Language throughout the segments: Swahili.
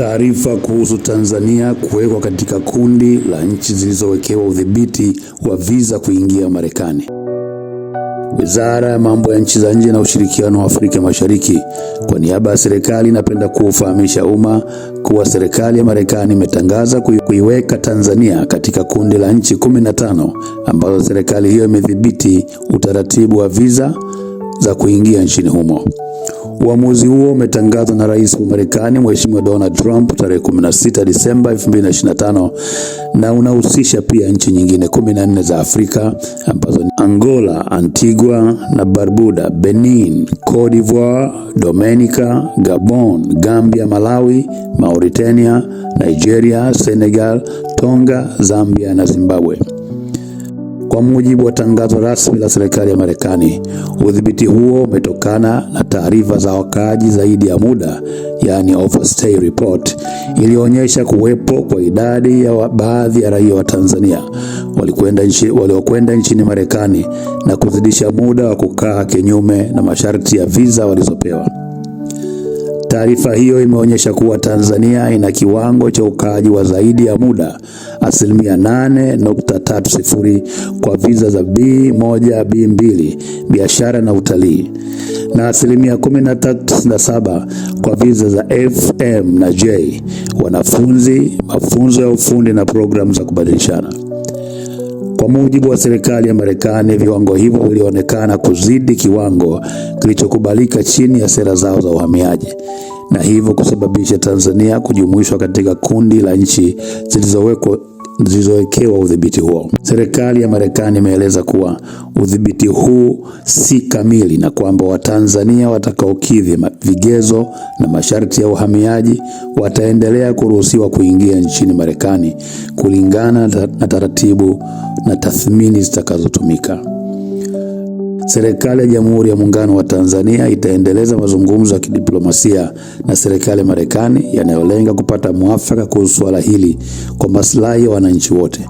Taarifa kuhusu Tanzania kuwekwa katika kundi la nchi zilizowekewa udhibiti wa viza kuingia Marekani. Wizara ya Mambo ya Nchi za Nje na Ushirikiano wa Afrika Mashariki, kwa niaba ya serikali, inapenda kuufahamisha umma kuwa serikali ya Marekani imetangaza kuiweka Tanzania katika kundi la nchi 15 ambazo serikali hiyo imedhibiti utaratibu wa viza za kuingia nchini humo. Uamuzi huo umetangazwa na rais wa Marekani Mheshimiwa Donald Trump tarehe 16 Disemba 2025 na unahusisha pia nchi nyingine 14 za Afrika ambazo ni Angola, Antigua na Barbuda, Benin, Cote d'Ivoire, Dominica, Gabon, Gambia, Malawi, Mauritania, Nigeria, Senegal, Tonga, Zambia na Zimbabwe kwa mujibu wa tangazo rasmi la serikali ya Marekani. Udhibiti huo umetokana na taarifa za wakaaji zaidi ya muda, yani overstay report, iliyoonyesha kuwepo kwa idadi ya baadhi ya raia wa Tanzania waliokwenda nchi, waliokwenda nchini Marekani na kuzidisha muda wa kukaa kinyume na masharti ya visa walizopewa. Taarifa hiyo imeonyesha kuwa Tanzania ina kiwango cha ukaaji wa zaidi ya muda asilimia 8.30 kwa viza za B1, B2, biashara na utalii na asilimia 13.7 kwa viza za FM na J, wanafunzi, mafunzo ya ufundi na programu za kubadilishana. Kwa mujibu wa serikali ya Marekani, viwango hivyo vilionekana kuzidi kiwango kilichokubalika chini ya sera zao za uhamiaji na hivyo kusababisha Tanzania kujumuishwa katika kundi la nchi zilizowekwa zilizowekewa udhibiti huo. Serikali ya Marekani imeeleza kuwa udhibiti huu si kamili na kwamba Watanzania watakaokidhi vigezo na masharti ya uhamiaji wataendelea kuruhusiwa kuingia nchini Marekani kulingana na taratibu na tathmini zitakazotumika. Serikali ya Jamhuri ya Muungano wa Tanzania itaendeleza mazungumzo ya kidiplomasia na serikali ya Marekani yanayolenga kupata mwafaka kuhusu suala hili kwa maslahi ya wananchi wote.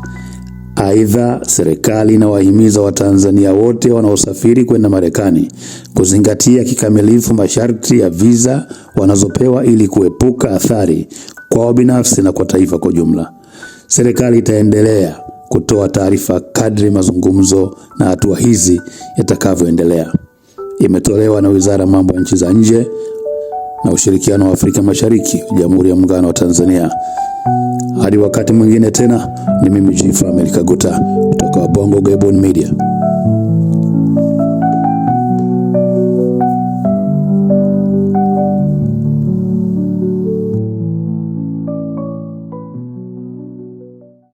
Aidha, serikali inawahimiza Watanzania wote wanaosafiri kwenda Marekani kuzingatia kikamilifu masharti ya viza wanazopewa ili kuepuka athari kwao binafsi na kwa taifa kwa jumla. Serikali itaendelea kutoa taarifa kadri mazungumzo na hatua hizi yatakavyoendelea. Imetolewa na Wizara ya Mambo ya Nchi za Nje na Ushirikiano wa Afrika Mashariki, Jamhuri ya Muungano wa Tanzania. Hadi wakati mwingine tena, ni mimi Amerika Kaguta kutoka Bongo Gabon Media.